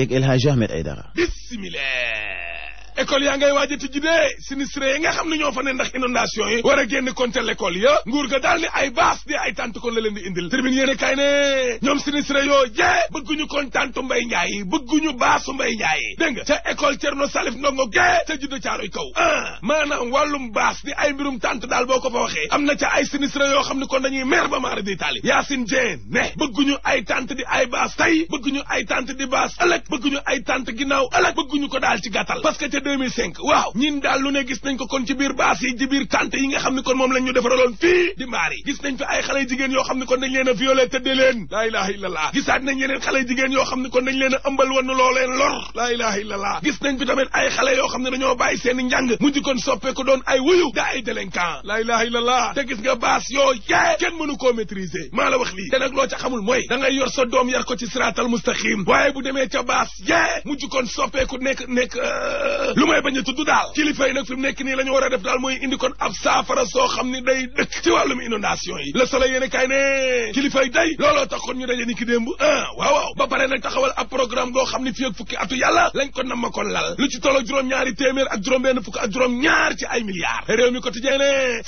yeg El Hadj Ahmed Aidara bismillah école yaa ngay waaj a tijji dee sinistre yi nga xam ne ñoo fa ne ndax inondation yi war a génn konte l'école ya nguur ga daal ni ay baas di ay tànt kon la leen di indil tribune yéene kaay ne ñoom sinistre yoo jee bëgguñu kon tàntu mbay njaay yi bëgguñu baasu mbay njaay yi dégg nga ca école Cerno Salif Ndongo gee ca juddu caaroy kaw ah maanaam wàllum baas di ay mbirum tànt daal boo ko fa waxee am na ca ay sinistre yoo xam ne kon dañuy mer ba maara di taali Yaasin Jeen ay tànt di ay baas di baas ëllëg bëgguñu ay tànt ginnaaw ëllëg bëgguñu ko daal 2005 waaw ñin daal lu ne gis nañ ko kon ci biir baas yi ci biir tante yi nga xam ne kon moom lañ ñu defaraloon fii di mbaar gis nañ fi ay xale jigéen yoo xam ne kon a nañ yeneen xale jigéen leen a ëmbal wann gis nañ fi tamit ay xale yoo xam ne dañoo bàyyi seen njàng mujj kon soppeeku doon ay wuyu daa ay délinquant laa ilaha illallah te gis nga baas yoo yee kenn mënu koo maîtriser maa la wax lii te nag loo ca xamul mooy da yor sa yar ko ci siraatal mustaqim waaye lu may bañ a tudd daal kilifa yi nag fi nekk nii la ñu war a def daal mooy indi kon ab saafara soo xam ni day ci wàllum inondation yi le soleil yéene kay ne kilifa yi day looloo taxoon ñu daje ni ki démb ah waaw waaw ba pare nag taxawal ab programme goo xam ni fii ak fukki atu yàlla lañ ko nam ma kon lal lu ci tolloog juróom-ñaari téeméer ak juróom-benn fukk ak juróom-ñaar ci ay milliards réew mi quotidien ne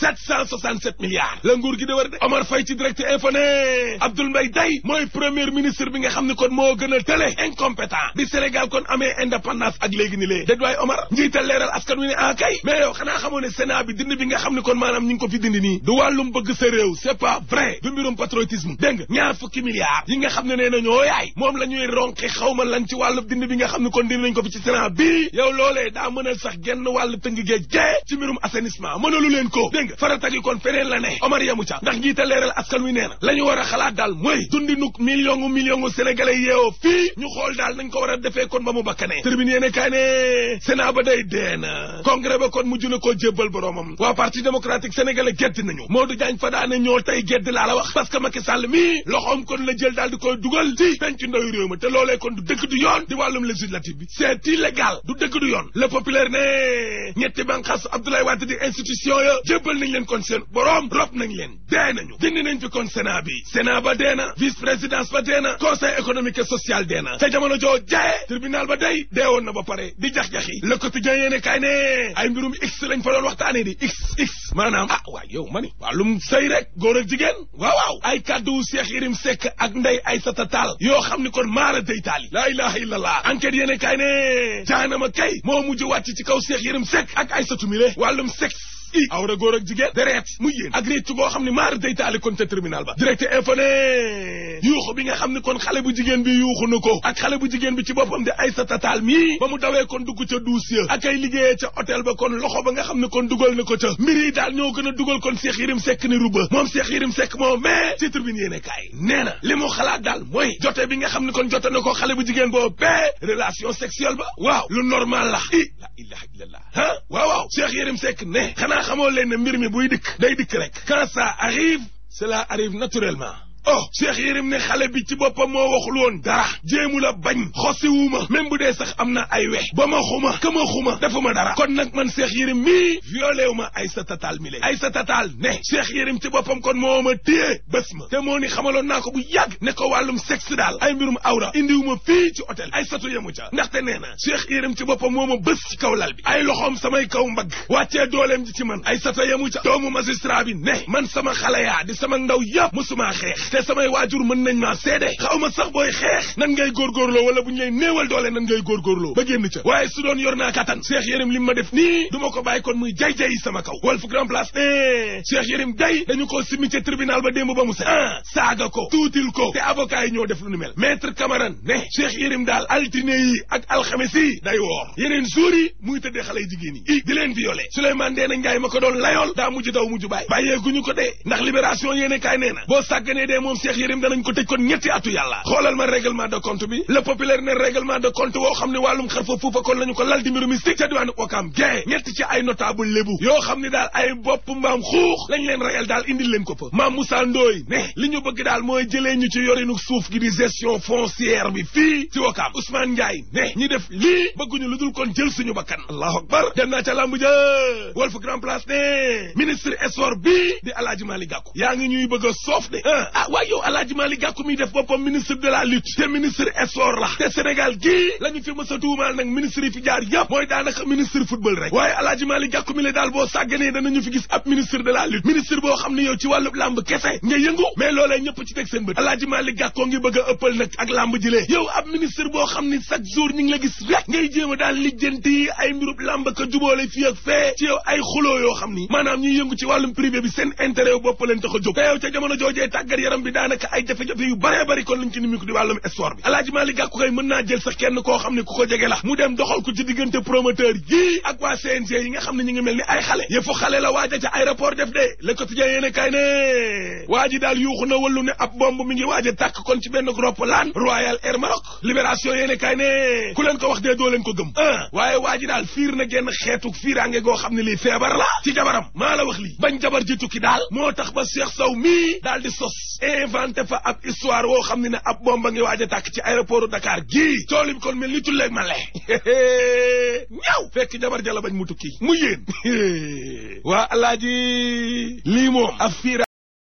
ne Abdoul Mbaye day mooy premier ministre bi nga xam ne kon moo gën a télé incompétent bi Sénégal kon amee indépendance ak léegi ni fa njiital leeral askan wi ne en ah, kay yow xanaa xamoo ne Sénat bi dindi bi nga xam ne kon maanaam ñu ngi ko fi dindi nii du wàllum bëgg sa réew c'est pas vrai du mbirum patriotisme dégg ñaar fukki milliards yi nga xam ne nee na ñoo oh, yaay moom la ñuy ronqi xawma lan ci wàll dindi bi nga xam ne kon dindi nañ ko fi ci Sénat bi yow loolee daa mënal sax genn wàllu tëng géej gee ci mbirum assainissement mënalu leen ko dégg nga kon feneen la ne Omar ca a xalaat daal mooy daal nañ ko war a defee kon ba mu bakkane tribune yéene président ba day dee na congrès ba kon mujj na koo jébbal boroomam waa parti démocratique sénégalais geddi nañu Modou Diagne Fadaane ñoo tey geddi laa la wax parce que Macky Sall mii loxoom kon la jël daal di koy dugal ci penc ndaw réew ma te loolee kon du dëgg du yoon di wàllum législatif bi c'est illégal du dëgg du yoon le populaire ne ñetti banqaas Abdoulaye Wade di institution ya nañ leen kon seen boroom rob nañ leen dee nañu dindi nañ fi kon sénat bi sénat ba dee na vice présidence ba dee na conseil économique et social dee na ca jamono joo jaye tribunal ba day woon na ba pare di jax-jaxi le quotidien yéene kay ne ay mbirum x lañ fa doon waxtaanee di x x maanaam ah waaw yow ma ni wàllum sëy rek góor waw ay waaw waaw ay kàddu Cheikh Yérim Seck ak ay Aïssata Tall yoo xam ni kon maara day taali laa ilaha illallah enquête yéene kay ne jaanama kay moo mujj wàcc ci kaw Cheikh Yérim Seck ak ay Aïssatou Mile wàllum sexe i awra góor ak jigéen deret mu yéen ak réccu goo xam ne maar day taali kon ca tribunal ba direct info yuuxu bi nga xam ne kon xale bu jigéen bi yuuxu na ko ak xale bu jigéen bi ci boppam di sa tataal mii ba mu dawee kon dugg ca douze ak ay liggéeyee ca hôtel ba kon loxo ba nga xam ne kon dugal na ko ca mbir yi daal ñoo gën a dugal kon Cheikh Yérim Seck ni ruba moom Cheikh Yérim Seck moom mais ci tribune yéene kaay nee na li mu xalaat daal mooy jote bi nga xam ne kon jote na ko xale bu jigéen boobu bee relation sexuelle ba waaw lu normal la la ilaha illallah ah waaw waaw Cheikh Yérim Seck ne xamoo leen ne mbir mi buy dikk day dikk rek quand ça arrive cela arrive naturellement oh Cheikh Yérim ne xale bi ci boppam moo waxul woon dara jéemu la bañ xosi wu ma même bu dee sax am na ay wex ba ma xuma ka ma xuma dafa ma dara kon nag man Cheikh Yérim mi violé wu ma Aïssata Tall mi lay Aïssata Tall ne Cheikh Yérim ci boppam kon moo ma téye bés ma te moo ni xamaloon naa ko bu yàgg ne ko wàllum sexe daal ay mbirum awra indiwu ma fii ci ay Aïssata yemu ca ndaxte nee na Cheikh Yérim ci boppam moo ma bés ci kaw lal bi ay loxoom samay kaw mbagg wàccee dooleem ji ci man Aïssata yemu ca doomu magistrat bi ne man sama xale sama ndaw yëpp musuma te samay waajur mën nañ maa seede xaw ma sax booy xeex nan ngay góorgóorloo wala bu ñu lay néewal doole nan ngay góorgóorloo ba génn ca waaye su doon yor naa kattan Cheikh Yérim li ma def nii du ma ko bàyyi kon kaw Walf Grand Place ne Cheikh Yérim day dañu koo simmi ca tribunal ba démb ba mu set ah saaga ko tuutil ko te avocat yi ñoo def lu ni mel maître Camaran ne Cheikh Yérim daal altine yi ak alxames yi day woor yeneen jours yi muy tëddee xale yi jigéen yi i di leen violé Souleymane Ndéné Ndiaye ma ko doon layool daa mujj daw mujj bàyyi bàyyeeguñu nee na moom Cheikh Yérim danañ ko tëj kon ñetti atu yàlla xoolal ma règlement de compte bi le populaire ne règlement de compte woo xam ne wàllum xar fa fuufa kon lañu ko lal di mbiru mystique ca diwaanu gee ñetti ci ay notable lébu yoo xam ne daal ay bopp mbaam xuux lañ leen ragal daal indil leen ko fa maam Moussa Ndoye ne li ñu bëgg daal mooy jëlee ñu ci yorinu suuf gi di gestion foncière bi fii ci Ouakam Ousmane Ndiaye ne ñi def lii bëgguñu lu dul a waaye yow alaaji Malick Gakou mi def boppam ministre de la lutte te ministre sport la te Sénégal gii la fi mës a tuumaal nag ministre yi fi jaar yëpp mooy daanaka ministre football rek waaye alaaji Malick Gakou mi daal boo sàgganee danañu fi gis ab ministre de la lutte ministre boo xam ne yow ci wàllu làmb kese nga yëngu mais loolee ñëpp ci teg seen bët alaaji Malick Gakou ngi bëgg a ëppal nag ak làmb ji lee yow ab ministre boo xam ne chaque jour ñu ngi la gis rek ngay jéem a ay mbirub làmb yoo xam ni maanaam ñuy yëngu ci wàllum privé bi seen intérêt yu bopp leen tax a jóg te yow bi daanaka ay jafe-jafe yu bare bari kon lañ ci nimiku di wàllum sport bi alaaji Malick Gakou kay mën naa jël sax kenn koo xam ne ku ko jege la mu dem doxal ko ci diggante promoteur yii ak waa CNG yi nga xam ne ñu ngi mel ni ay xale yëfu xale la waaja ja aéroport def de le quotidien yéene kay ne waa ji daal yuuxu na wëllu ne ab bomb mi ngi waaja tàkk kon ci benn roppalaan Royal Air Maroc libération yéene kay ne ku leen ko wax dee doo leen ko gëm ah waaye waa ji fiir na genn xeetu fiiraange goo xam ne lii feebar la ci jabaram maa la wax lii bañ jabar ji tukki daal moo tax ba Cheikh Sow mii daal di sos inventé fa ab histoire woo xam ni na ab bomba ngi waaj a tàkk ci aéroport Dakar gi tool bi kon mel ni tulleeg ma le ñaw fekk jabar jala bañ mu tukki mu yéen waa alaaji lii moom